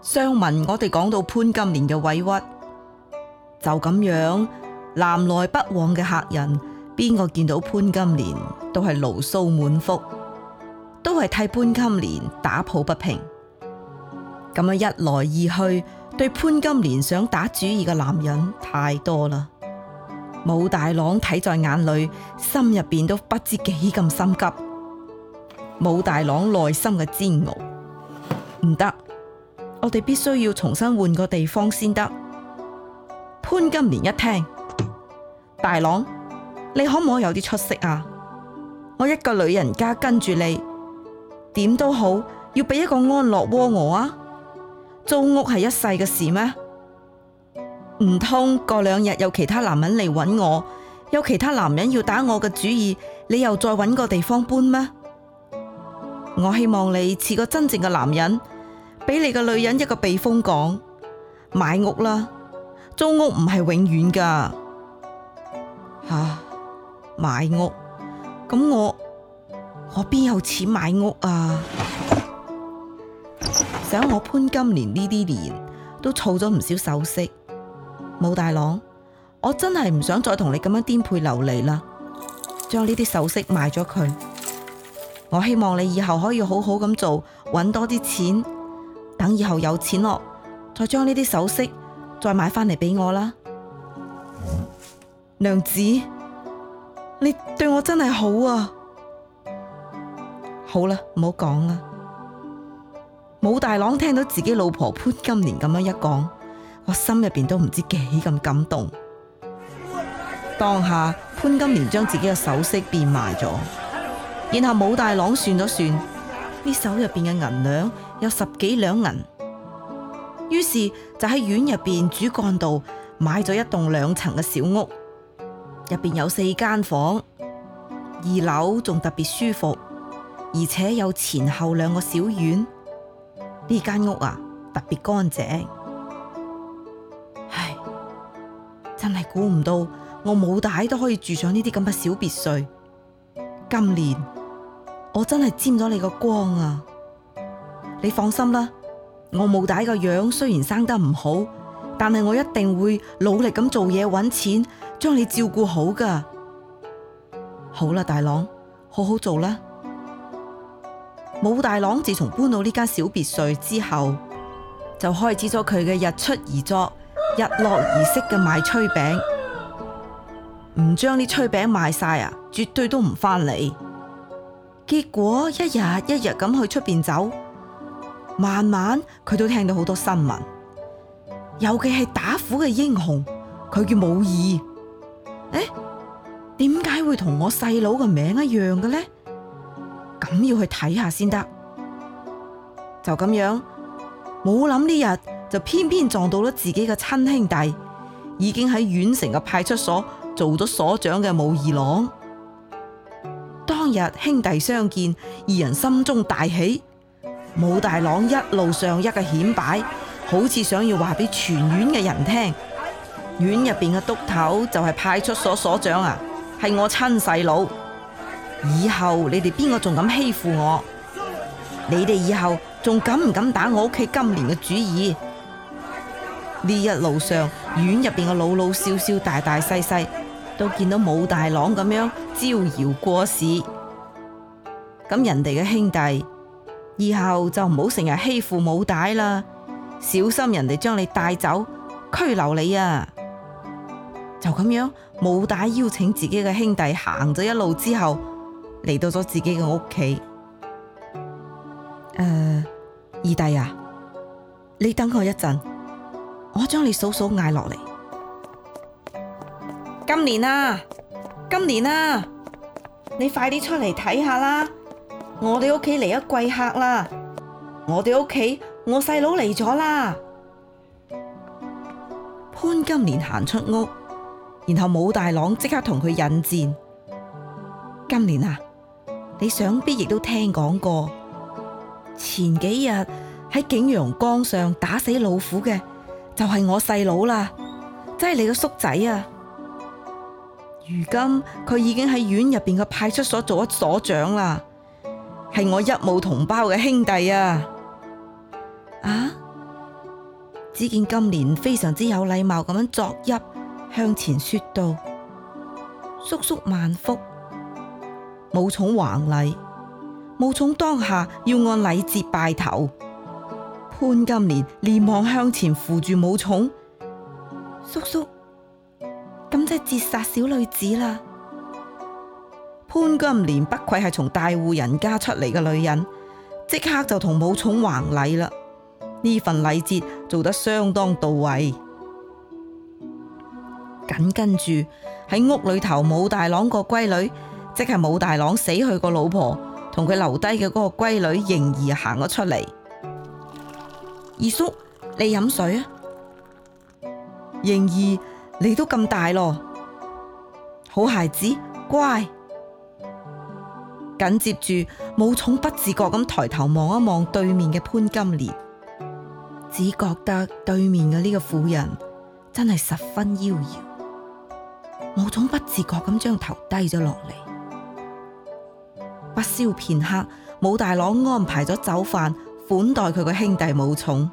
上文我哋講到潘金蓮嘅委屈，就咁樣南來北往嘅客人，邊個見到潘金蓮都係牢騷滿腹，都係替潘金蓮打抱不平。咁樣一來二去，對潘金蓮想打主意嘅男人太多啦。武大郎睇在眼裏，心入邊都不知幾咁心急。武大郎內心嘅煎熬，唔得。我哋必須要重新換個地方先得。潘金蓮一聽，大郎，你可唔可以有啲出息啊？我一個女人家跟住你，點都好，要俾一個安樂窩我啊？租屋係一世嘅事咩？唔通過兩日有其他男人嚟揾我，有其他男人要打我嘅主意，你又再揾個地方搬咩？我希望你似個真正嘅男人。俾你個女人一個避風港，買屋啦！租屋唔係永遠噶，吓、啊、買屋，咁我我邊有錢買屋啊？想我潘金蓮呢啲年都儲咗唔少首飾，武大郎，我真係唔想再同你咁樣顛沛流離啦！將呢啲首飾賣咗佢，我希望你以後可以好好咁做，搵多啲錢。等以後有錢咯再將呢啲首飾再買翻嚟俾我啦， 娘子，你對我真係好啊！好啦，唔好講啦。武大郎聽到自己老婆潘金蓮咁樣一講，我心入邊都唔知幾咁感動。當下潘金蓮將自己嘅首飾變賣咗，然後武大郎算咗算，呢手入邊嘅銀兩。有十幾兩銀，於是就喺院入邊主幹道買咗一棟兩層嘅小屋，入邊有四間房，二樓仲特別舒服，而且有前後兩個小院。呢間屋啊特別乾淨，唉，真係估唔到我武大都可以住上呢啲咁嘅小別墅。今年我真係沾咗你個光啊！你放心啦，我武大個樣雖然生得唔好，但係我一定會努力咁做嘢搵錢，將你照顧好噶。好啦，大郎，好好做啦。武大郎自從搬到呢間小別墅之後，就開始咗佢嘅日出而作、日落而息嘅賣炊餅，唔將啲炊餅賣晒啊，絕對都唔翻嚟。結果一日一日咁去出邊走。慢慢佢都聽到好多新聞，尤其係打虎嘅英雄，佢叫武二。誒，點解會同我細佬嘅名一樣嘅呢？咁要去睇下先得。就咁樣，冇諗呢日就偏偏撞到咗自己嘅親兄弟，已經喺縣城嘅派出所做咗所長嘅武二郎。當日兄弟相見，二人心中大喜。武大郎一路上一個顯擺，好似想要話俾全縣嘅人聽，縣入邊嘅督頭就係派出所所長啊，係我親細佬，以後你哋邊個仲敢欺負我？你哋以後仲敢唔敢打我屋企今年嘅主意？呢一路上，縣入邊嘅老老少少、大大細細，都見到武大郎咁樣招搖過市，咁人哋嘅兄弟。以後就唔好成日欺負武大啦，小心人哋將你帶走拘留你啊！就咁樣，武大邀請自己嘅兄弟行咗一路之後，嚟到咗自己嘅屋企。誒、嗯，二弟啊，你等我一陣，我將你嫂嫂嗌落嚟。金蓮啊，金蓮啊，你快啲出嚟睇下啦！我哋屋企嚟一貴客啦！我哋屋企，我細佬嚟咗啦。潘金蓮行出屋，然後武大郎即刻同佢引薦。金蓮啊，你想必亦都聽講過，前幾日喺景陽岡上打死老虎嘅就係、是、我細佬啦，真係你個叔仔啊。如今佢已經喺院入邊嘅派出所做咗所長啦。係我一母同胞嘅兄弟啊！啊！只見金蓮非常之有禮貌，咁樣作揖向前說道：叔叔萬福，武松橫禮，武松當下要按禮節拜頭。潘金蓮連忙向前扶住武松，叔叔，咁即係折殺小女子啦！潘金蓮不愧係從大戶人家出嚟嘅女人，即刻就同武松行禮啦。呢份禮節做得相當到位。緊跟住喺屋裏頭，武大郎個閨女，即係武大郎死去個老婆同佢留低嘅嗰個閨女盈兒行咗出嚟。二叔，你飲水啊？盈兒，你都咁大咯，好孩子，乖。緊接住，武松不自覺咁抬頭望一望對面嘅潘金蓮，只覺得對面嘅呢個婦人真係十分妖嬈。武松不自覺咁將頭低咗落嚟。不消片刻，武大郎安排咗酒飯款待佢嘅兄弟武松。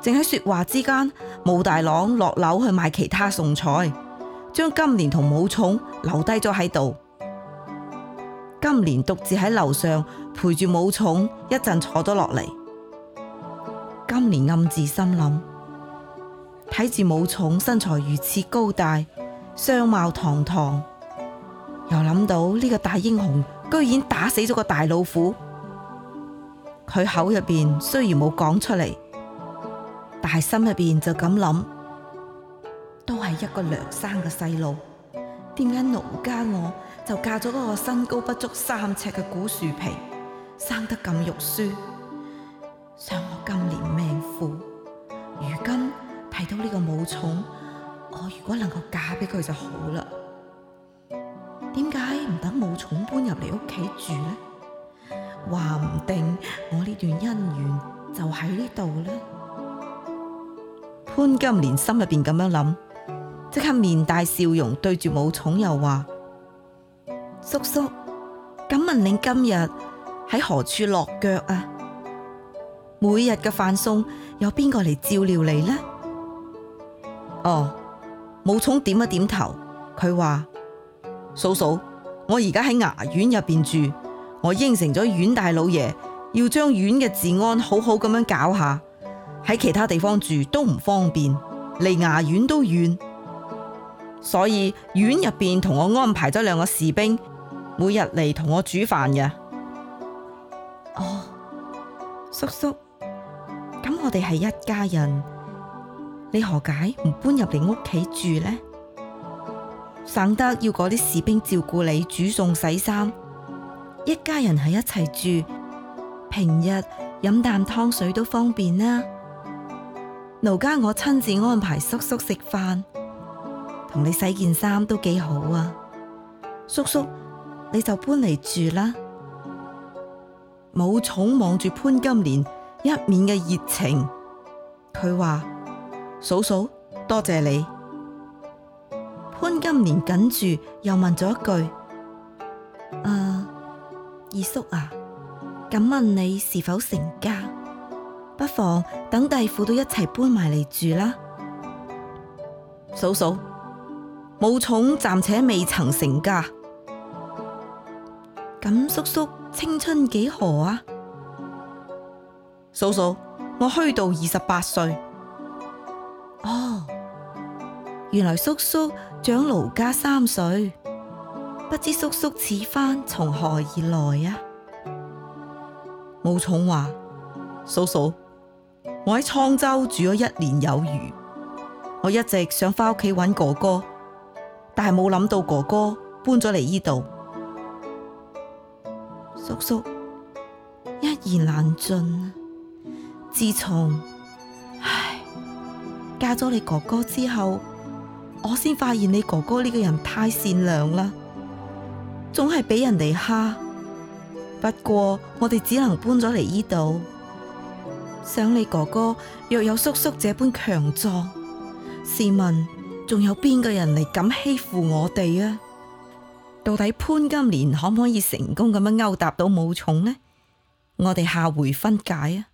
正喺說話之間，武大郎落樓去買其他送菜，將金蓮同武松留低咗喺度。金蓮獨自喺樓上陪住武松，一陣坐咗落嚟。金蓮暗自心諗，睇住武松身材如此高大，相貌堂堂，又諗到呢個大英雄居然打死咗個大老虎。佢口入邊雖然冇講出嚟，但係心入邊就咁諗，都係一個娘生嘅細路，點解奴家我？就嫁咗一個身高不足三尺嘅古樹皮，生得咁肉酸，想我今年命苦，如今睇到呢個武松，我如果能夠嫁俾佢就好啦。點解唔等武松搬入嚟屋企住呢？話唔定我呢段姻緣就喺呢度呢。潘金蓮心入邊咁樣諗，即刻面帶笑容對住武松又話。叔叔，敢問你今日喺何處落腳啊？每日嘅飯餸有邊個嚟照料你呢？哦，武松點一點頭，佢話：嫂嫂，我而家喺衙院入邊住，我應承咗縣大老爺要將院嘅治安好好咁樣搞下，喺其他地方住都唔方便，離衙院都遠，所以院入邊同我安排咗兩個士兵，每日嚟同我煮飯呀，哦，叔叔，咁我哋係一家人，你何解唔搬入嚟屋企住呢？省得要嗰啲士兵照顧你煮餸、洗衫，一家人喺一齊住，平日飲啖湯水都方便啦。奴家我親自安排叔叔食飯，同你洗件衫都幾好啊，叔叔。你就搬嚟住啦！武松望住潘金蓮一面嘅熱情，佢話：嫂嫂，多謝你。潘金蓮緊住又問咗一句：啊二叔啊，敢問你是否成家？不妨等弟婦都一齊搬埋嚟住啦。嫂嫂，武松暫且未曾成家。咁叔叔青春幾何啊？嫂嫂，我虛度二十八歲。哦，原來叔叔長奴家三歲，不知叔叔此番從何而來啊？武松話：，嫂嫂，我喺滄州住咗一年有餘，我一直想返屋企揾哥哥，但係冇諗到哥哥搬咗嚟呢度。叔叔，一言難盡。自從唉嫁咗你哥哥之後，我先發現你哥哥呢個人太善良啦，總係俾人哋蝦。不過我哋只能搬咗嚟呢度。想你哥哥若有叔叔這般強壯，試問仲有邊個人嚟敢欺負我哋啊？到底潘金蓮可唔可以成功咁樣勾搭到武松呢？我哋下回分解啊！